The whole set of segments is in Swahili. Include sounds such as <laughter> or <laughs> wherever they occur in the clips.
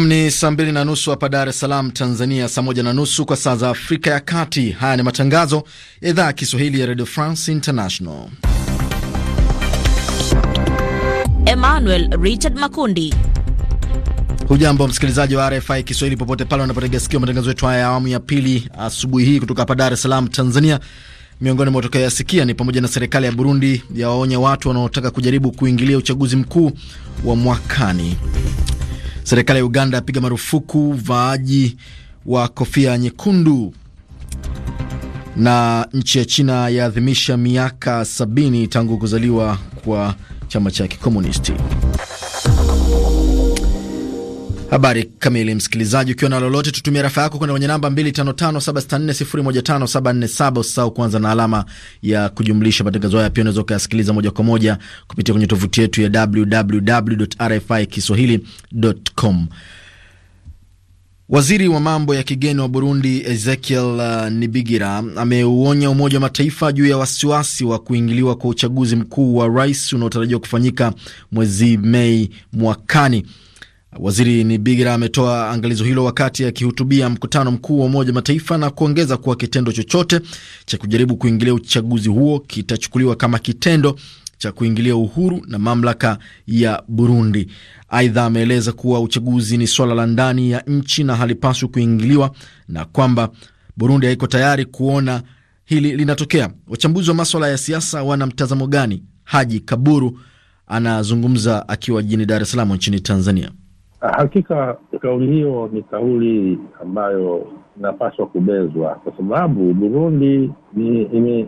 Nam ni saa mbili na nusu hapa Dar es Salaam, Tanzania, saa moja na nusu kwa saa za Afrika ya Kati. Haya ni matangazo ya idhaa ya Kiswahili ya Radio France International. Emmanuel Richard Makundi. Hujambo msikilizaji wa RFI Kiswahili popote pale unapotega sikio matangazo yetu haya ya awamu ya pili asubuhi hii kutoka hapa Dar es Salaam, Tanzania. Miongoni mwa utakayoyasikia ni pamoja na serikali ya Burundi yawaonya watu wanaotaka kujaribu kuingilia uchaguzi mkuu wa mwakani. Serikali ya Uganda yapiga marufuku vaaji wa kofia nyekundu. Na nchi ya China yaadhimisha miaka sabini tangu kuzaliwa kwa chama cha Kikomunisti. Habari kamili, msikilizaji, ukiwa na lolote, tutumia rafa yako kwenda kwenye namba 255764015747 usisahau kuanza na alama ya kujumlisha. Matangazo haya pia unaweza ukayasikiliza moja kwa moja kupitia kwenye tovuti yetu ya www.rfikiswahili.com. Waziri wa mambo ya kigeni wa Burundi Ezekiel uh, Nibigira ameuonya Umoja wa Mataifa juu ya wasiwasi wa kuingiliwa kwa uchaguzi mkuu wa rais unaotarajiwa kufanyika mwezi Mei mwakani. Waziri Nibigira ametoa angalizo hilo wakati akihutubia mkutano mkuu wa Umoja Mataifa na kuongeza kuwa kitendo chochote cha kujaribu kuingilia uchaguzi huo kitachukuliwa kama kitendo cha kuingilia uhuru na mamlaka ya Burundi. Aidha, ameeleza kuwa uchaguzi ni swala la ndani ya nchi na halipaswi kuingiliwa na kwamba Burundi haiko tayari kuona hili linatokea. Wachambuzi wa maswala ya siasa wana mtazamo gani? Haji Kaburu anazungumza akiwa jijini Dar es Salaam nchini Tanzania. Hakika kauli hiyo ni kauli ambayo inapaswa kubezwa kwa sababu Burundi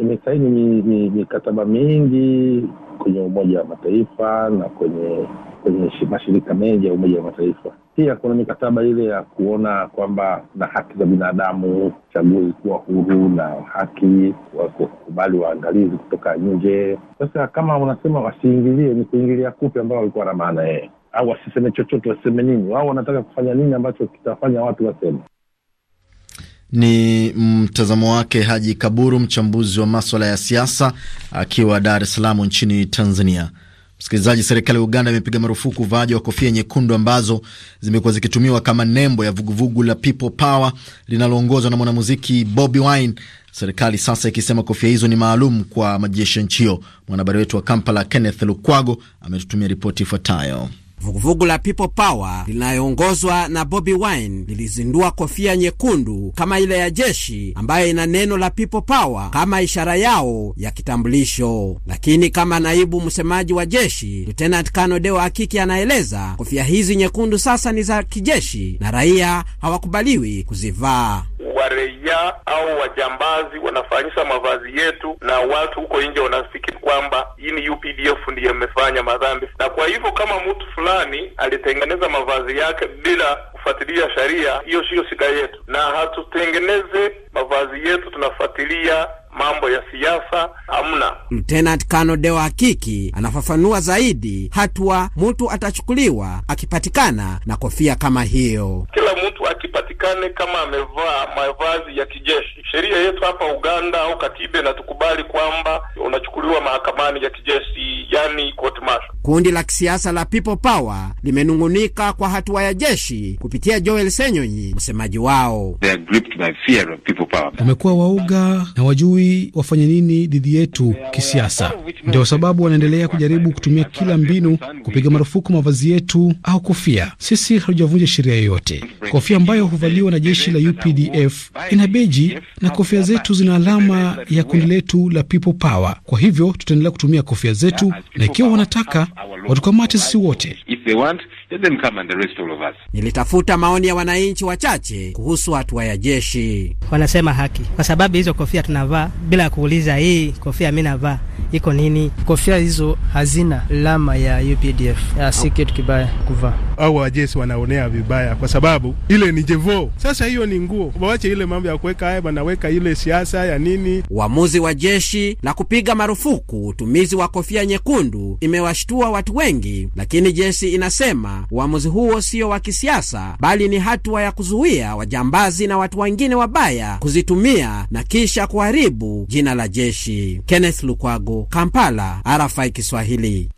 imesaini mi, mi, mikataba mingi kwenye Umoja wa Mataifa na kwenye kwenye mashirika mengi ya Umoja wa Mataifa. Pia kuna mikataba ile ya kuona kwamba na haki za binadamu, chaguzi kuwa huru na haki, wakukubali waangalizi kutoka nje. Sasa kama unasema wasiingilie, ni kuingilia kupi ambao walikuwa na maana yeye au wasiseme chochote, waseme nini? Wao wanataka kufanya nini ambacho kitafanya watu waseme ni mtazamo wake Haji Kaburu, mchambuzi wa maswala ya siasa akiwa Dar es Salaam nchini Tanzania. Msikilizaji, serikali ya Uganda imepiga marufuku uvaaji wa kofia nyekundu ambazo zimekuwa zikitumiwa kama nembo ya vuguvugu la People Power linaloongozwa na mwanamuziki Bobi Wine, serikali sasa ikisema kofia hizo ni maalum kwa majeshi ya nchi hiyo. Mwanahabari wetu wa Kampala Kenneth Lukwago ametutumia ripoti ifuatayo. Vuguvugu la People Power linayoongozwa na Bobi Wine lilizindua kofia nyekundu kama ile ya jeshi ambayo ina neno la People Power kama ishara yao ya kitambulisho. Lakini kama naibu msemaji wa jeshi Lieutenant Kano Deo Akiki anaeleza, kofia hizi nyekundu sasa ni za kijeshi na raia hawakubaliwi kuzivaa waraia au wajambazi wanafanyisha mavazi yetu, na watu huko nje wanafikiri kwamba hii ni UPDF ndiye imefanya madhambi, na kwa hivyo kama mtu fulani alitengeneza mavazi yake bila kufuatilia sheria, hiyo siyo shida yetu, na hatutengeneze mavazi yetu tunafuatilia mambo ya siasa hamna. Lieutenant Kano Deo Hakiki anafafanua zaidi hatua mtu atachukuliwa akipatikana na kofia kama hiyo. Kila mtu ipatikane kama amevaa mavazi ya kijeshi. Sheria yetu hapa Uganda au katiba inatukubali kwamba unachukuliwa mahakamani ya kijeshi, yani court martial. Kundi la kisiasa la People Power limenung'unika kwa hatua ya jeshi kupitia Joel Senyonyi, msemaji wao. Wamekuwa waoga na wajui wafanye nini dhidi yetu kisiasa, ndio sababu wanaendelea kujaribu kutumia kila mbinu kupiga marufuku mavazi yetu au kofia. Sisi hatujavunja sheria yoyote. Kofia ambayo ambayo huvaliwa na jeshi la UPDF ina beji na kofia zetu zina alama ya kundi letu la People Power. Kwa hivyo tutaendelea kutumia kofia zetu, na ikiwa wanataka watukamate sisi wote them come and the rest all of us. Nilitafuta maoni ya wananchi wachache kuhusu hatua ya jeshi. Wanasema haki, kwa sababu hizo kofia tunavaa bila kuuliza, hii kofia mi navaa iko nini? Kofia hizo hazina lama ya UPDF, si kitu kibaya kuvaa, au wajesi wanaonea vibaya kwa sababu ile ni jevo. Sasa hiyo ni nguo, wawache ile mambo ya kuweka haya, wanaweka ile siasa ya nini. Uamuzi wa jeshi la kupiga marufuku utumizi wa kofia nyekundu imewashtua watu wengi, lakini jeshi inasema Uamuzi huo sio wa kisiasa, bali ni hatua ya kuzuia wajambazi na watu wengine wabaya kuzitumia na kisha kuharibu jina la jeshi. Kenneth Lukwago, Kampala, RFI Kiswahili.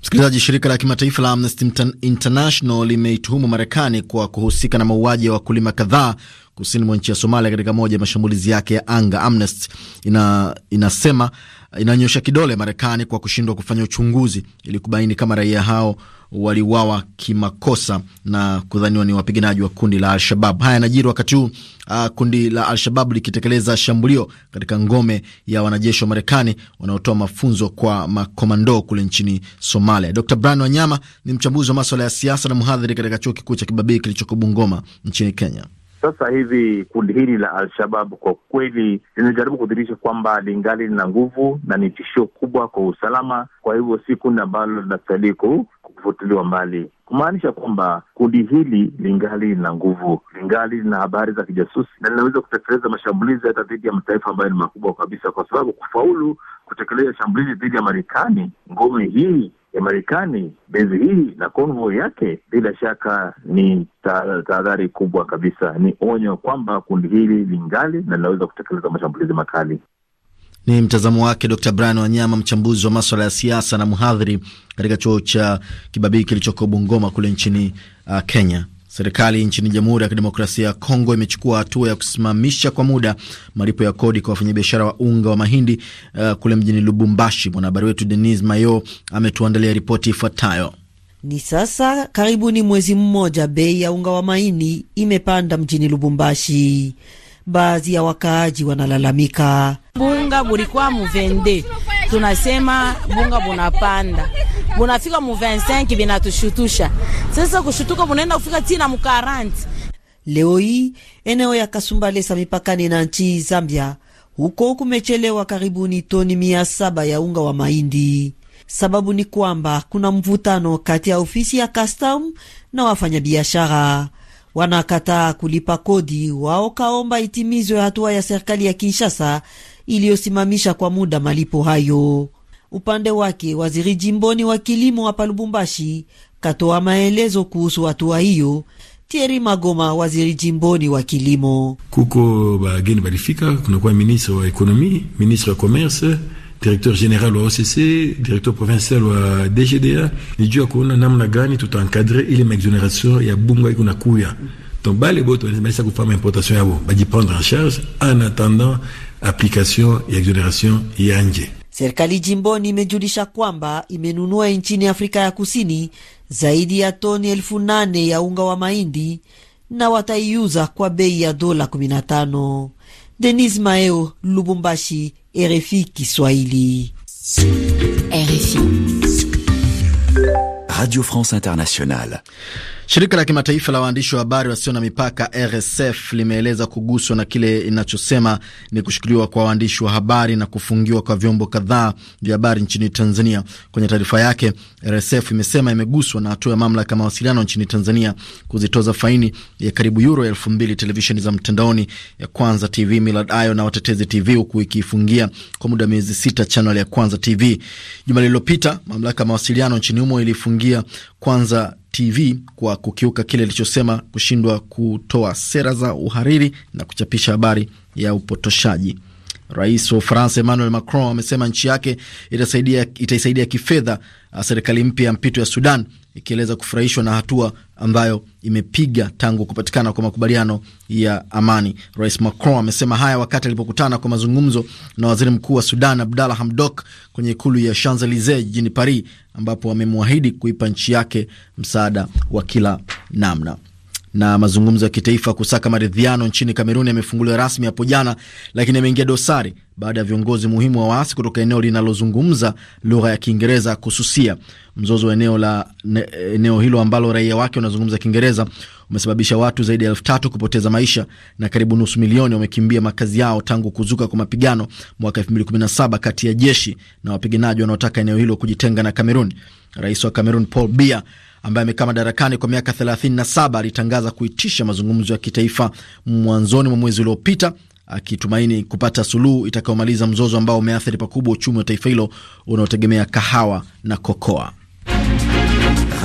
Msikilizaji, shirika la kimataifa la Amnesty International limeituhumu Marekani kwa kuhusika na mauaji ya wakulima kadhaa kusini mwa nchi ya Somalia katika moja ya mashambulizi yake ya anga. Amnesty ina, inasema inanyosha kidole Marekani kwa kushindwa kufanya uchunguzi ili kubaini kama raia hao waliuawa kimakosa na kudhaniwa ni wapiganaji wa kundi la Alshabab. Haya yanajiri wakati huu uh, kundi la al likitekeleza shambulio katika ngome ya wanajeshi wa Marekani wanaotoa mafunzo kwa makomando kule nchini Somalia. Dr Brian Wanyama ni mchambuzi wa maswala ya siasa na mhadhiri katika chuo kikuu cha Kibabii kilichoko Bungoma nchini Kenya. Sasa hivi kundi hili la Al-Shabab kwa kweli linajaribu kudhihirisha kwamba lingali lina nguvu na ni tishio kubwa kwa usalama. Kwa hivyo si kundi ambalo linastahili kufutiliwa mbali, kumaanisha kwamba kundi hili lingali lina nguvu, lingali lina habari za kijasusi na linaweza kutekeleza mashambulizi hata dhidi ya mataifa ambayo ni makubwa kabisa, kwa sababu kufaulu kutekeleza shambulizi dhidi ya Marekani, ngome hii ya Marekani, bezi hii na konvoi yake, bila shaka ni tahadhari kubwa kabisa, ni onyo kwamba kundi hili lingali na linaweza kutekeleza mashambulizi makali. Ni mtazamo wake Dr Brian Wanyama, mchambuzi wa maswala ya siasa na mhadhiri katika chuo cha Kibabii kilichoko Bungoma kule nchini uh, Kenya. Serikali nchini Jamhuri ya Kidemokrasia ya Kongo imechukua hatua ya kusimamisha kwa muda malipo ya kodi kwa wafanyabiashara wa unga wa mahindi uh, kule mjini Lubumbashi. Mwanahabari wetu Denis Mayo ametuandalia ripoti ifuatayo. Ni sasa karibuni mwezi mmoja bei ya unga wa mahindi imepanda mjini Lubumbashi baadhi ya wakaaji wanalalamika. Bunga bulikuwa muvende, tunasema bunga bunapanda bunafika mu 25 vinatushutusha Sasa kushutuka bunaenda kufika tina mu 40. Leo hii eneo ya Kasumbalesa mipakani na nchi Zambia, huko kumechelewa karibuni toni mia saba ya unga wa mahindi. Sababu ni kwamba kuna mvutano kati ya ofisi ya custom na wafanyabiashara wanakataa kulipa kodi, waokaomba itimizwe hatua ya serikali ya Kinshasa iliyosimamisha kwa muda malipo hayo. Upande wake waziri jimboni wa kilimo hapa Lubumbashi katoa maelezo kuhusu hatua hiyo. Thierry Magoma, waziri jimboni wa kilimo: kuko bageni balifika, kunakuwa ministre wa ekonomi, ministre wa commerce directeur général wa OCC, directeur provincial wa DGDA, nijua kuona namna gani tutaencadre ile maexoneration ya bunga iko nakuya. Donc bale boto wanaweza kufanya importation yabo, prendre en charge en attendant application ya exoneration ya nje. Serikali jimboni imejulisha kwamba imenunua nchini Afrika ya Kusini zaidi ya toni elfu nane ya unga wa mahindi na wataiuza kwa bei ya dola 15. Denis Maeo, Lubumbashi, RFI qui il RFI. Radio France Internationale. Shirika la kimataifa la waandishi wa habari wasio na mipaka RSF limeeleza kuguswa na kile inachosema ni kushukuliwa kwa waandishi wa habari na kufungiwa kwa vyombo kadhaa vya habari nchini Tanzania. Kwenye taarifa yake, RSF imesema imeguswa na hatua ya mamlaka ya mawasiliano nchini Tanzania kuzitoza faini ya karibu yuro elfu mbili televisheni za mtandaoni ya Kwanza TV, Millard Ayo na Watetezi TV, huku ikiifungia kwa muda wa miezi sita chanel ya Kwanza TV. Juma lililopita mamlaka ya mawasiliano nchini humo ilifungia Kwanza TV kwa kukiuka kile ilichosema kushindwa kutoa sera za uhariri na kuchapisha habari ya upotoshaji. Rais wa Ufaransa Emmanuel Macron amesema nchi yake itasaidia, itaisaidia kifedha serikali mpya ya mpito ya Sudan ikieleza kufurahishwa na hatua ambayo imepiga tangu kupatikana kwa makubaliano ya amani. Rais Macron amesema haya wakati alipokutana kwa mazungumzo na waziri mkuu wa Sudan Abdalla Hamdok kwenye ikulu ya Champs Elysees jijini Paris, ambapo amemwahidi kuipa nchi yake msaada wa kila namna na mazungumzo ya kitaifa kusaka maridhiano nchini Kameruni yamefunguliwa rasmi hapo jana, lakini yameingia dosari baada ya viongozi muhimu wa waasi kutoka eneo linalozungumza lugha ya Kiingereza kususia. Mzozo wa eneo la ne, eneo hilo ambalo raia wake wanazungumza Kiingereza umesababisha watu zaidi ya elfu tatu kupoteza maisha na karibu nusu milioni wamekimbia makazi yao tangu kuzuka kwa mapigano mwaka 2017 kati ya jeshi na wapiganaji wanaotaka eneo hilo kujitenga na Kamerun. Rais wa Kamerun Paul Biya ambaye amekaa madarakani kwa miaka 37 alitangaza kuitisha mazungumzo ya kitaifa mwanzoni mwa mwezi uliopita akitumaini kupata suluhu itakayomaliza mzozo ambao umeathiri pakubwa uchumi wa taifa hilo unaotegemea kahawa na kokoa.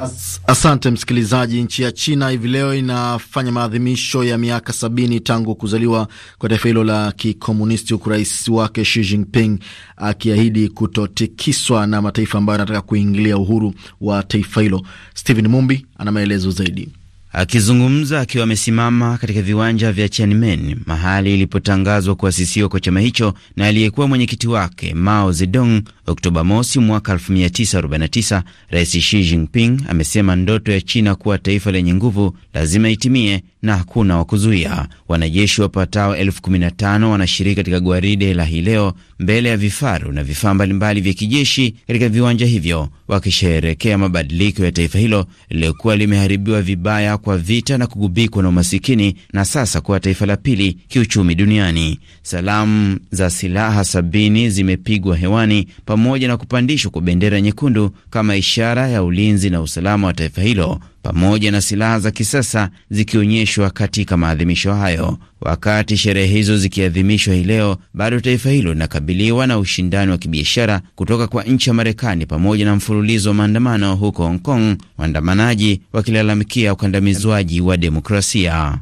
As, asante msikilizaji. Nchi ya China hivi leo inafanya maadhimisho ya miaka sabini tangu kuzaliwa kwa taifa hilo la kikomunisti, huku rais wake Xi Jinping akiahidi kutotikiswa na mataifa ambayo yanataka kuingilia uhuru wa taifa hilo. Stephen Mumbi ana maelezo zaidi. Akizungumza akiwa amesimama katika viwanja vya Tiananmen, mahali ilipotangazwa kuasisiwa kwa chama hicho na aliyekuwa mwenyekiti wake Mao Zedong Oktoba mosi mwaka 1949, Rais Xi Jinping amesema ndoto ya China kuwa taifa lenye nguvu lazima itimie na hakuna wa kuzuia. Wanajeshi wapatao elfu kumi na tano wanashiriki katika gwaride la hii leo mbele ya vifaru na vifaa mbalimbali vya kijeshi katika viwanja hivyo wakisherehekea mabadiliko ya taifa hilo lililokuwa limeharibiwa vibaya kwa vita na kugubikwa na umasikini na sasa kuwa taifa la pili kiuchumi duniani. Salamu za silaha sabini zimepigwa hewani pamoja na kupandishwa kwa bendera nyekundu kama ishara ya ulinzi na usalama wa taifa hilo pamoja na silaha za kisasa zikionyeshwa katika maadhimisho hayo. Wakati sherehe hizo zikiadhimishwa hii leo, bado taifa hilo linakabiliwa na ushindani wa kibiashara kutoka kwa nchi ya Marekani pamoja na mfululizo wa maandamano huko Hong Kong, waandamanaji wakilalamikia ukandamizwaji wa demokrasia.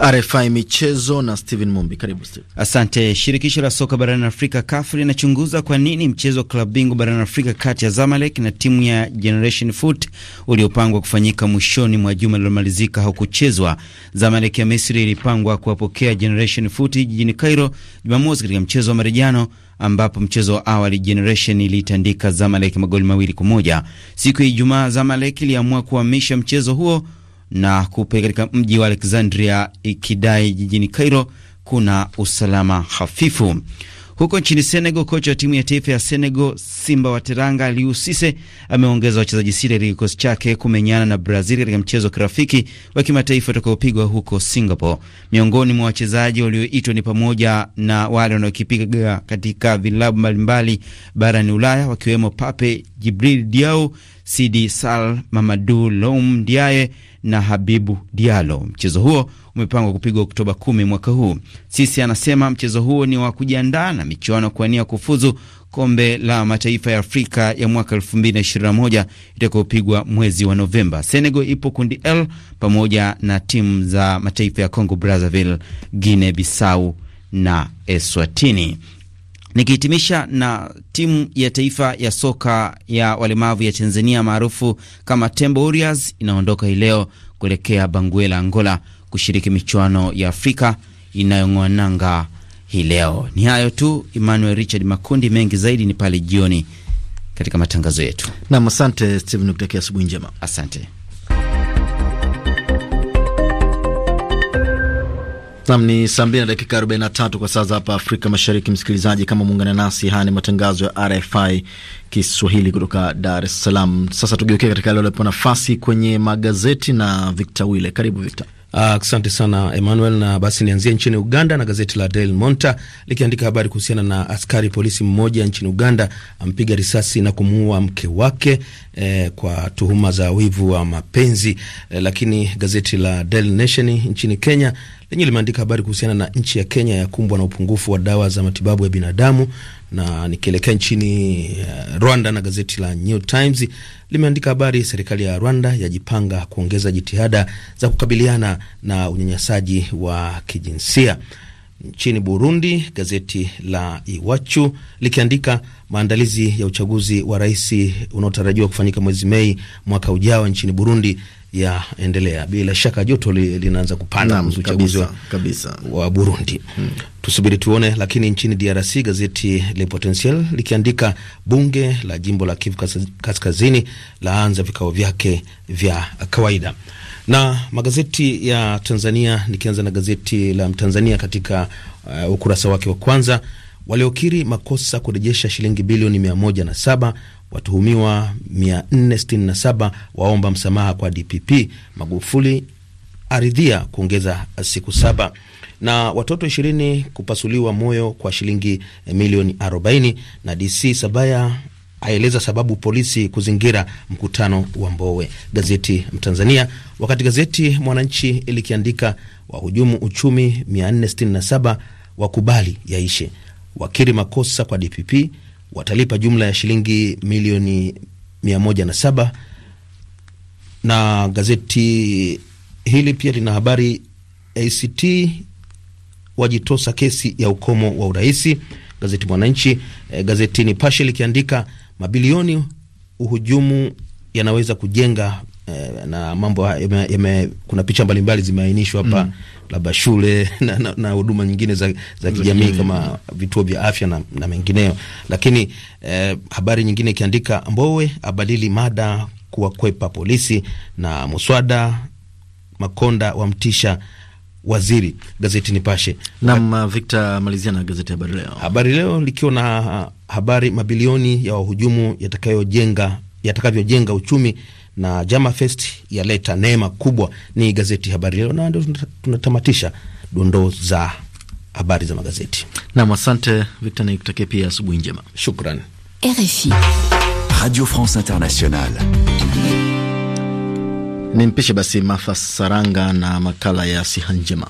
RFI Michezo na Steven Mumbi. Karibu Steve. Asante. Shirikisho la soka barani Afrika CAF linachunguza kwa nini mchezo wa klabu bingwa barani Afrika kati ya Zamalek na timu ya Generation Foot uliopangwa kufanyika mwishoni mwa juma lilomalizika haukuchezwa. Zamalek ya Misri ilipangwa kuwapokea Generation Foot jijini Cairo Jumamosi katika mchezo wa marejano ambapo mchezo wa awali Generation iliitandika Zamalek magoli mawili kwa moja. Siku ya Ijumaa Zamalek iliamua kuhamisha mchezo huo na kupeleka katika mji wa Alexandria, ikidai jijini Cairo kuna usalama hafifu. Huko nchini Senegal, kocha wa timu ya taifa ya Senegal Simba wa Teranga Aliou Cisse ameongeza wachezaji sita katika kikosi chake kumenyana na Brazil katika mchezo wa kirafiki wa kimataifa utakaopigwa huko Singapore. Miongoni mwa wachezaji walioitwa ni pamoja na wale wanaokipiga katika vilabu mbalimbali barani Ulaya wakiwemo Pape jibril Diaw Sidi Sal, Mamadu Loum Ndiaye na Habibu Diallo. Mchezo huo umepangwa kupigwa Oktoba kumi mwaka huu. Sisi anasema mchezo huo ni wa kujiandaa na michuano kuania kufuzu kombe la mataifa ya Afrika ya mwaka 2021 itakayopigwa mwezi wa Novemba. Senegal ipo kundi L pamoja na timu za mataifa ya Congo Brazzaville, Guinea Bissau na Eswatini. Nikihitimisha na timu ya taifa ya soka ya walemavu ya Tanzania maarufu kama Tembo Warriors inaondoka hii leo kuelekea Banguela, Angola kushiriki michuano ya Afrika inayong'oa nanga hii leo. Ni hayo tu, Emmanuel Richard Makundi. Mengi zaidi ni pale jioni katika matangazo yetu. Nam, asante Steven, nikutakia asubuhi njema. Asante. Nam ni saa mbili na dakika 43 kwa saa za hapa Afrika Mashariki. Msikilizaji, kama muungana nasi, haya ni matangazo ya RFI Kiswahili kutoka Dar es Salaam. Sasa tugeukia katika yale yaliyopewa nafasi kwenye magazeti na Victor Wile. Karibu Victor. Ah, asante uh, sana Emmanuel. Na basi nianzie nchini Uganda na gazeti la Daily Monitor likiandika habari kuhusiana na askari polisi mmoja nchini Uganda ampiga risasi na kumuua mke wake eh, kwa tuhuma za wivu wa mapenzi eh, lakini gazeti la Daily Nation nchini Kenya lenye limeandika habari kuhusiana na nchi ya Kenya yakumbwa na upungufu wa dawa za matibabu ya binadamu na nikielekea nchini uh, Rwanda na gazeti la New Times limeandika habari, serikali ya Rwanda yajipanga kuongeza jitihada za kukabiliana na unyanyasaji wa kijinsia. Nchini Burundi, gazeti la Iwachu likiandika maandalizi ya uchaguzi wa rais unaotarajiwa kufanyika mwezi Mei mwaka ujao nchini Burundi yaendelea bila shaka, joto li, linaanza kupanda kuhusu uchaguzi wa Burundi hmm. Tusubiri tuone. Lakini nchini DRC gazeti Le Potentiel likiandika bunge la jimbo la Kivu Kaskazini laanza vikao vyake vya kawaida. Na magazeti ya Tanzania, nikianza na gazeti la Mtanzania katika uh, ukurasa wake wa kwanza, waliokiri makosa kurejesha shilingi bilioni mia moja na saba Watuhumiwa 467 waomba msamaha kwa DPP. Magufuli aridhia kuongeza siku saba na watoto ishirini kupasuliwa moyo kwa shilingi eh, milioni 40 na DC Sabaya aeleza sababu polisi kuzingira mkutano wa Mbowe. Gazeti Mtanzania. Wakati gazeti Mwananchi likiandika wahujumu uchumi 467 wakubali yaishe, wakiri makosa kwa DPP, watalipa jumla ya shilingi milioni 107 na gazeti hili pia lina habari ACT wajitosa kesi ya ukomo wa uraisi. Gazeti Mwananchi, eh, gazeti Nipashe likiandika mabilioni uhujumu yanaweza kujenga eh, na mambo yame, yame, kuna picha mbalimbali zimeainishwa hapa mm labda shule <laughs> na huduma nyingine za, za kijamii kama vituo vya afya na, na mengineo. Lakini eh, habari nyingine ikiandika Mbowe abadili mada kuwakwepa polisi na muswada Makonda wamtisha waziri. Gazeti Nipashe. Naam, uh, Victor, malizia na gazeti Habari Leo. Habari Leo likiwa na uh, habari mabilioni ya wahujumu yatakayojenga, yatakavyojenga uchumi na Jama Fest yaleta neema kubwa. Ni gazeti Habari Leo, na ndio tunatamatisha dondoo za habari za magazeti. Nam, asante Victor, nikutakie pia asubuhi njema, shukran. RFI Radio France Internationale. Ni mpishe basi Martha Saranga na makala ya siha njema.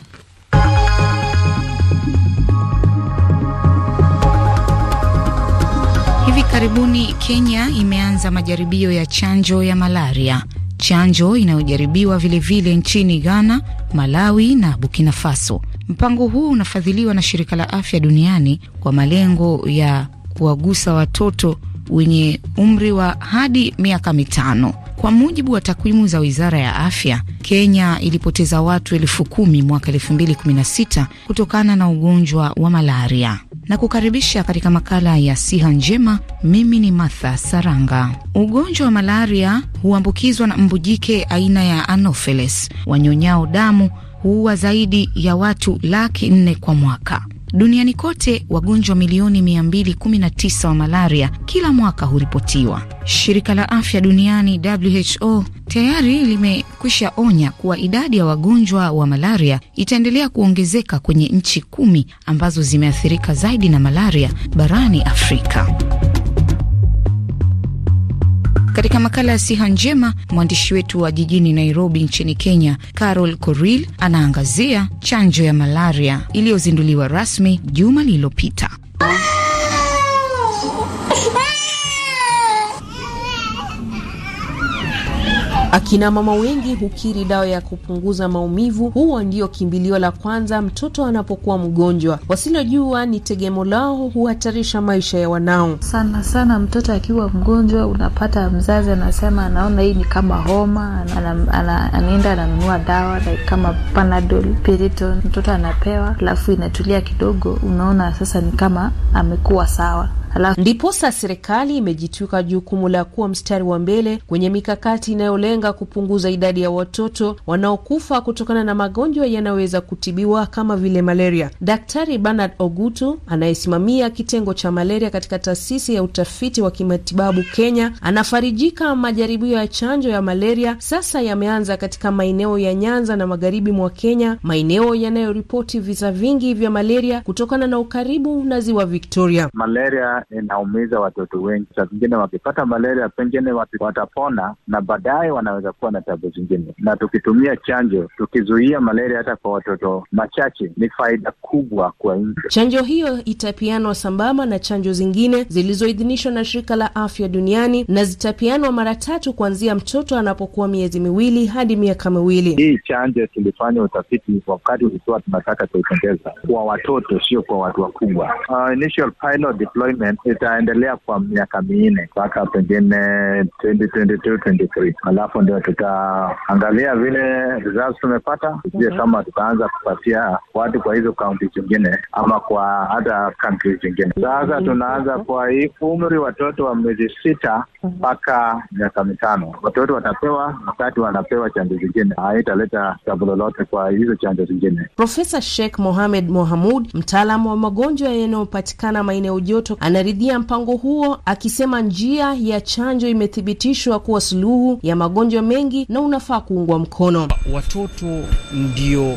Hivi karibuni Kenya imeanza majaribio ya chanjo ya malaria, chanjo inayojaribiwa vilevile nchini Ghana, Malawi na Burkina Faso. Mpango huu unafadhiliwa na Shirika la Afya Duniani kwa malengo ya kuwagusa watoto wenye umri wa hadi miaka mitano. Kwa mujibu wa takwimu za wizara ya afya, Kenya ilipoteza watu elfu kumi mwaka elfu mbili kumi na sita kutokana na ugonjwa wa malaria na kukaribisha katika makala ya siha njema. Mimi ni Martha Saranga. Ugonjwa wa malaria huambukizwa na mbu jike aina ya Anopheles wanyonyao damu huua zaidi ya watu laki nne kwa mwaka. Duniani kote wagonjwa milioni 219 wa malaria kila mwaka huripotiwa. Shirika la afya duniani WHO tayari limekwisha onya kuwa idadi ya wagonjwa wa malaria itaendelea kuongezeka kwenye nchi kumi ambazo zimeathirika zaidi na malaria barani Afrika. Katika makala ya siha njema, mwandishi wetu wa jijini Nairobi nchini Kenya, Carol Koril anaangazia chanjo ya malaria iliyozinduliwa rasmi juma lililopita. Akina mama wengi hukiri dawa ya kupunguza maumivu huwa ndio kimbilio la kwanza mtoto anapokuwa mgonjwa. Wasilojua ni tegemo lao huhatarisha maisha ya wanao. Sana sana mtoto akiwa mgonjwa, unapata mzazi anasema, anaona hii ni kama homa, anaenda ananunua dawa like kama Panadol, Piriton, mtoto anapewa, alafu inatulia kidogo, unaona sasa ni kama amekuwa sawa. Alafu ndiposa serikali imejitwika jukumu la kuwa mstari wa mbele kwenye mikakati inayolenga kupunguza idadi ya watoto wanaokufa kutokana na magonjwa yanayoweza kutibiwa kama vile malaria. Daktari Bernard Ogutu anayesimamia kitengo cha malaria katika taasisi ya utafiti wa kimatibabu Kenya anafarijika majaribio ya chanjo ya malaria sasa yameanza katika maeneo ya Nyanza na magharibi mwa Kenya, maeneo yanayoripoti visa vingi vya malaria kutokana na ukaribu na ziwa Victoria. Malaria inaumiza eh, watoto wengi. Saa zingine wakipata malaria pengine watapona na baadaye wanaweza kuwa na tabu zingine, na tukitumia chanjo, tukizuia malaria hata kwa watoto machache, ni faida kubwa kwa nchi. Chanjo hiyo itapianwa sambamba na chanjo zingine zilizoidhinishwa na Shirika la Afya Duniani na zitapianwa mara tatu kuanzia mtoto anapokuwa miezi miwili hadi miaka miwili. Hii chanjo tulifanya utafiti wakati ulikuwa tunataka kuitengeza kwa watoto, sio kwa watu wakubwa. Uh, initial pilot deployment itaendelea kwa miaka minne mpaka pengine 2022 alafu ndio tutaangalia vile results tumepata, ie mhm. kama tutaanza kupatia watu kwa hizo kaunti zingine ama kwa hata kantri zingine. Sasa mhm. tunaanza mhm. kwa hii umri watoto wa miezi sita mpaka miaka mitano, watoto watapewa wakati wanapewa chanjo zingine, haitaleta sabu lolote kwa hizo chanjo zingine. Profesa Sheikh Mohamed Mohamud, mtaalamu wa magonjwa yanayopatikana maeneo joto, ana anaridhia mpango huo, akisema njia ya chanjo imethibitishwa kuwa suluhu ya magonjwa mengi na unafaa kuungwa mkono. Watoto ndio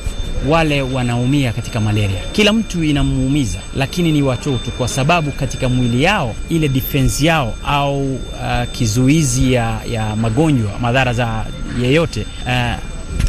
wale wanaumia katika malaria. Kila mtu inamuumiza, lakini ni watoto, kwa sababu katika mwili yao ile defense yao au uh, kizuizi ya, ya magonjwa madhara za yeyote uh,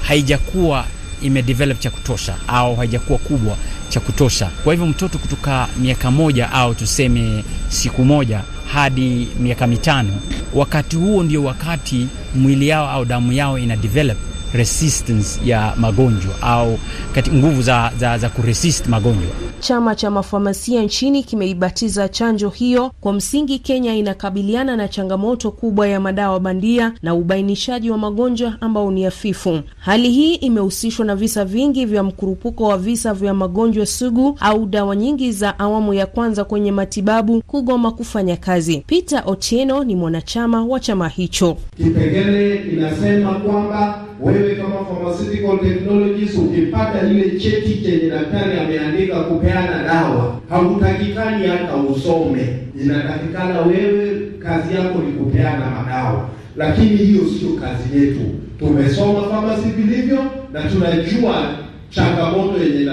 haijakuwa imedevelop cha kutosha au haijakuwa kubwa cha kutosha. Kwa hivyo mtoto kutoka miaka moja au tuseme siku moja hadi miaka mitano, wakati huo ndio wakati mwili yao au damu yao ina develop resistance ya magonjwa au kati nguvu za, za, za kuresist magonjwa. Chama cha mafamasia nchini kimeibatiza chanjo hiyo kwa msingi Kenya inakabiliana na changamoto kubwa ya madawa bandia na ubainishaji wa magonjwa ambao ni hafifu. Hali hii imehusishwa na visa vingi vya mkurupuko wa visa vya magonjwa sugu au dawa nyingi za awamu ya kwanza kwenye matibabu kugoma kufanya kazi. Peter Otieno ni mwanachama wa chama hicho. Kipengele inasema kwamba we wewe kama pharmaceutical technologies ukipata ile cheti chenye daktari ameandika kupeana dawa, hautakikani hata usome. Inatakikana wewe kazi yako ni kupeana madawa, lakini hiyo sio kazi yetu. Tumesoma pharmacy vilivyo na tunajua changamoto yenye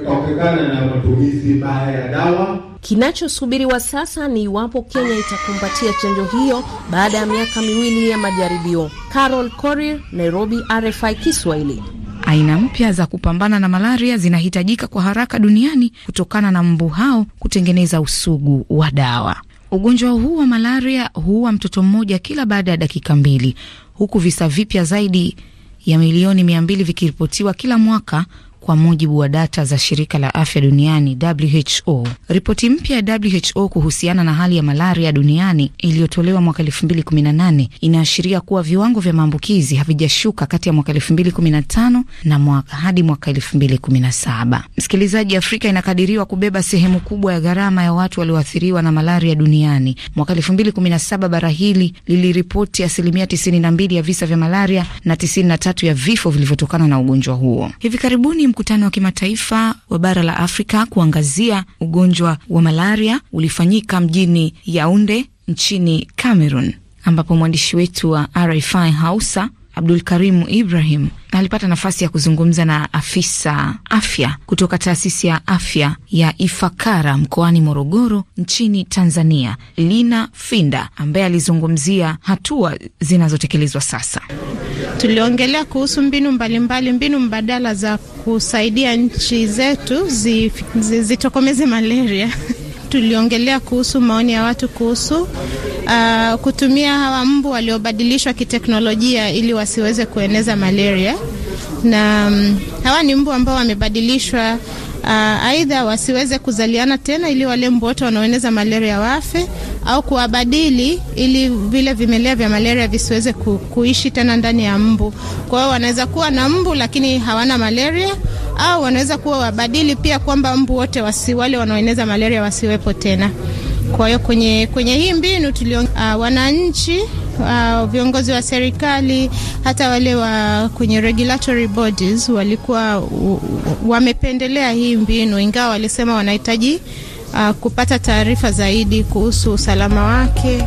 kutokana na matumizi mabaya ya dawa. Kinachosubiriwa sasa ni iwapo Kenya itakumbatia chanjo hiyo baada ya miaka miwili ya majaribio. Carol Korir, Nairobi, RFI Kiswahili. Aina mpya za kupambana na malaria zinahitajika kwa haraka duniani kutokana na mbu hao kutengeneza usugu wa dawa. Ugonjwa huu wa malaria huua mtoto mmoja kila baada ya dakika mbili, huku visa vipya zaidi ya milioni mia mbili vikiripotiwa kila mwaka kwa mujibu wa data za shirika la afya duniani WHO. Ripoti mpya ya WHO kuhusiana na hali ya malaria duniani iliyotolewa mwaka 2018 inaashiria kuwa viwango vya maambukizi havijashuka kati ya mwaka 2015 na mwaka hadi mwaka 2017. Msikilizaji, Afrika inakadiriwa kubeba sehemu kubwa ya gharama ya watu walioathiriwa na malaria duniani. Mwaka 2017 bara hili liliripoti asilimia 92 ya visa vya malaria na 93 ya vifo vilivyotokana na ugonjwa huo. Hivi karibuni mkutano wa kimataifa wa bara la Afrika kuangazia ugonjwa wa malaria ulifanyika mjini Yaunde nchini Cameroon, ambapo mwandishi wetu wa RFI Hausa Abdul Karimu Ibrahim alipata nafasi ya kuzungumza na afisa afya kutoka taasisi ya afya ya Ifakara mkoani Morogoro nchini Tanzania, Lina Finda, ambaye alizungumzia hatua zinazotekelezwa sasa. Tuliongelea kuhusu mbinu mbalimbali, mbinu mbadala za kusaidia nchi zetu zitokomeze malaria <laughs> tuliongelea kuhusu maoni ya watu kuhusu uh, kutumia hawa mbu waliobadilishwa kiteknolojia ili wasiweze kueneza malaria na um, hawa ni mbu ambao wamebadilishwa Uh, aidha wasiweze kuzaliana tena, ili wale mbu wote wanaoeneza malaria wafe, au kuwabadili ili vile vimelea vya malaria visiweze ku, kuishi tena ndani ya mbu. Kwa hiyo wanaweza kuwa na mbu lakini hawana malaria, au wanaweza kuwa wabadili pia kwamba mbu wote wasi, wale wanaoeneza malaria wasiwepo tena. Kwa hiyo kwenye, kwenye hii mbinu tulio uh, wananchi uh, viongozi wa serikali hata wale wa kwenye regulatory bodies walikuwa wamependelea hii mbinu, ingawa walisema wanahitaji uh, kupata taarifa zaidi kuhusu usalama wake.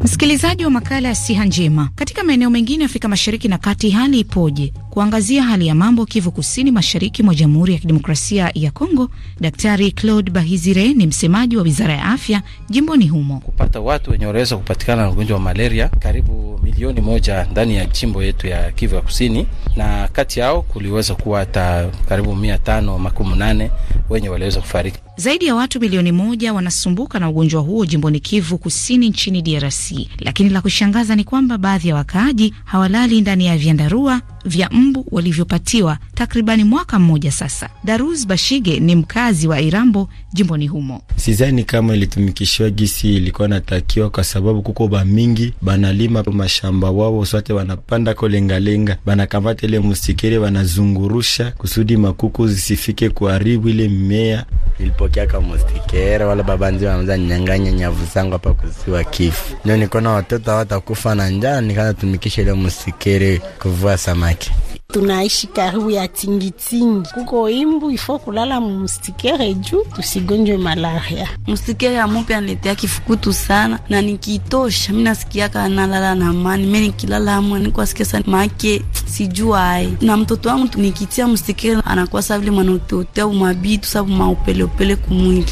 Msikilizaji wa makala ya Siha Njema, katika maeneo mengine Afrika Mashariki na Kati hali ipoje? kuangazia hali ya mambo Kivu Kusini, mashariki mwa Jamhuri ya Kidemokrasia ya Kongo. Daktari Claude Bahizire ni msemaji wa wizara ya afya jimboni humo. Kupata watu wenye wanaweza kupatikana na ugonjwa wa malaria karibu milioni moja ndani ya jimbo yetu ya Kivu ya Kusini, na kati yao kuliweza kuwa hata karibu mia tano makumi nane wenye waliweza kufariki. Zaidi ya watu milioni moja wanasumbuka na ugonjwa huo jimboni Kivu Kusini nchini DRC, lakini la kushangaza ni kwamba baadhi ya wakaaji hawalali ndani ya vyandarua vya mbu walivyopatiwa takribani mwaka mmoja sasa. Daruz Bashige ni mkazi wa Irambo jimboni humo. Sizani kama ilitumikishiwa gisi ilikuwa natakiwa, kwa sababu kuko ba mingi banalima mashamba wao swate wanapanda ko lengalenga, banakamata ile musikere wanazungurusha kusudi makuku zisifike kuharibu ile mimea. Nilipokea ka mustikere wala babanzi wanaweza nyang'anya nyavu zangu hapa kusiwa kifu ndio nikona watoto hawatakufa na njaa, nikaza tumikisha ile musikere kuvua samaki yake. Tunaishi karibu ya tingitingi, kuko imbu ifo kulala mustikere juu tusigonjwe malaria. Mustikere amupya niletea kifukutu sana, na nikitosha mimi nasikiaka nalala na amani. Mimi nikilala hapo nikwasikia sana make sijua ai na mtoto wangu nikitia mustikere anakuwa sawa vile mwanauteuteu mabitu sababu maupelepele kumwili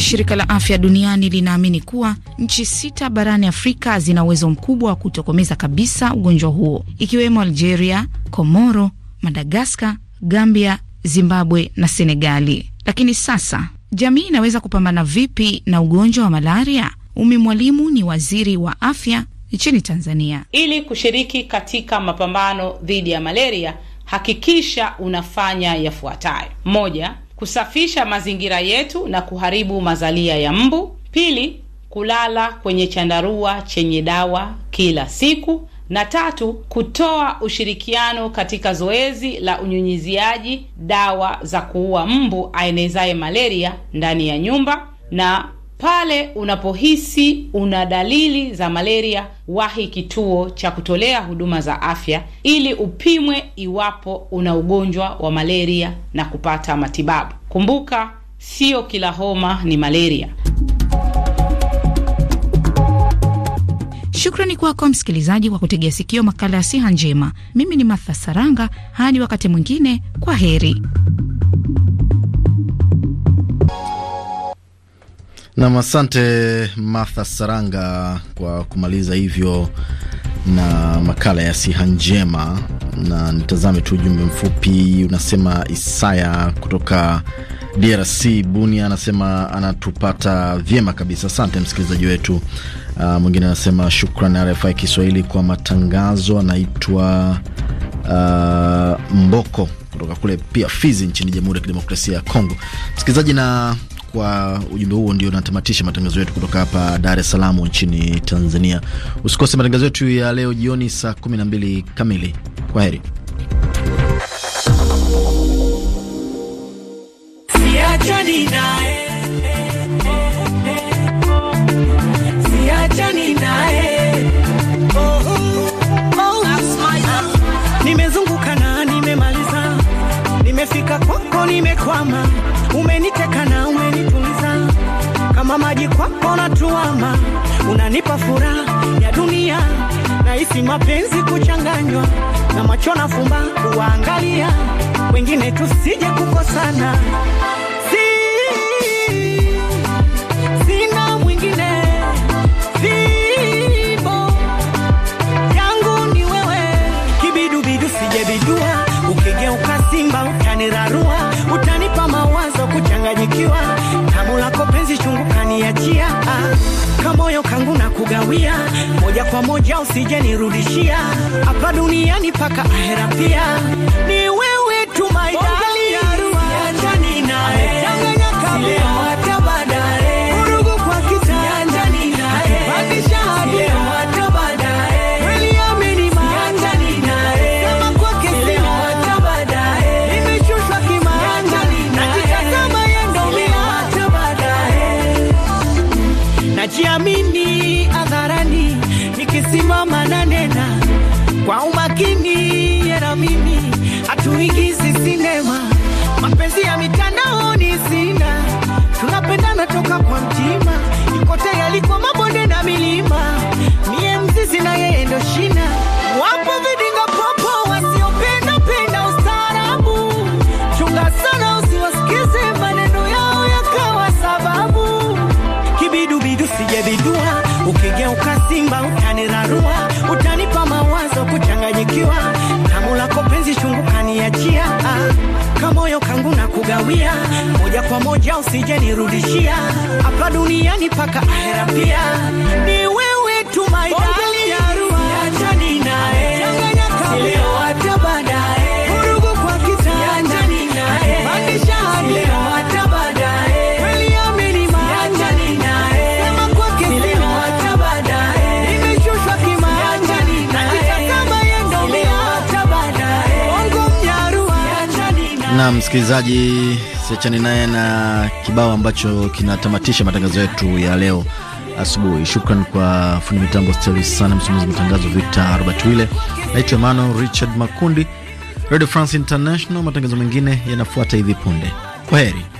Shirika la Afya Duniani linaamini kuwa nchi sita barani Afrika zina uwezo mkubwa wa kutokomeza kabisa ugonjwa huo ikiwemo Algeria, Komoro, Madagaskar, Gambia, Zimbabwe na Senegali. Lakini sasa jamii inaweza kupambana vipi na ugonjwa wa malaria? Umi Mwalimu ni waziri wa afya nchini Tanzania. Ili kushiriki katika mapambano dhidi ya malaria, hakikisha unafanya yafuatayo: moja, kusafisha mazingira yetu na kuharibu mazalia ya mbu. Pili, kulala kwenye chandarua chenye dawa kila siku na tatu, kutoa ushirikiano katika zoezi la unyunyiziaji dawa za kuua mbu aenezaye malaria ndani ya nyumba na pale unapohisi una dalili za malaria, wahi kituo cha kutolea huduma za afya ili upimwe iwapo una ugonjwa wa malaria na kupata matibabu. Kumbuka, sio kila homa ni malaria. Shukrani kwako msikilizaji kwa kutegea sikio makala ya siha njema. Mimi ni Martha Saranga, hadi wakati mwingine, kwa heri. Nam, asante Martha Saranga kwa kumaliza hivyo na makala ya siha njema. Na nitazame tu ujumbe mfupi unasema, Isaya kutoka DRC Bunia anasema anatupata vyema kabisa. Asante msikilizaji wetu. Uh, mwingine anasema shukran RFI Kiswahili kwa matangazo. Anaitwa uh, Mboko kutoka kule pia Fizi nchini Jamhuri ya Kidemokrasia ya Kongo. Msikilizaji na kwa ujumbe huo ndio natamatisha matangazo yetu kutoka hapa Dar es Salaam nchini Tanzania. Usikose matangazo yetu ya leo jioni saa 12 kamili. Kwa heri. Nimezunguka na nimemaliza, nimefika kwako, nimekwama, umeniteka mbona tuama, unanipa furaha ya dunia, nahisi mapenzi kuchanganywa na macho nafumba fumba wengine, tusije kukosana. sawia, moja kwa moja, nirudishia hapa duniani paka ahera pia kuchanganyikiwa, tamu lako penzi chungu kaniachia, kamoyo kangu na kugawia, moja kwa moja usijenirudishia, hapa duniani paka ahera pia, ni wewe tu my msikilizaji, siachani naye na kibao ambacho kinatamatisha matangazo yetu ya leo asubuhi. Shukran kwa fundi mitambo steli sana, msimamizi matangazo Victor Robert Wile. Naitwa Emmanuel Richard Makundi, Radio France International. Matangazo mengine yanafuata hivi punde. Kwa heri.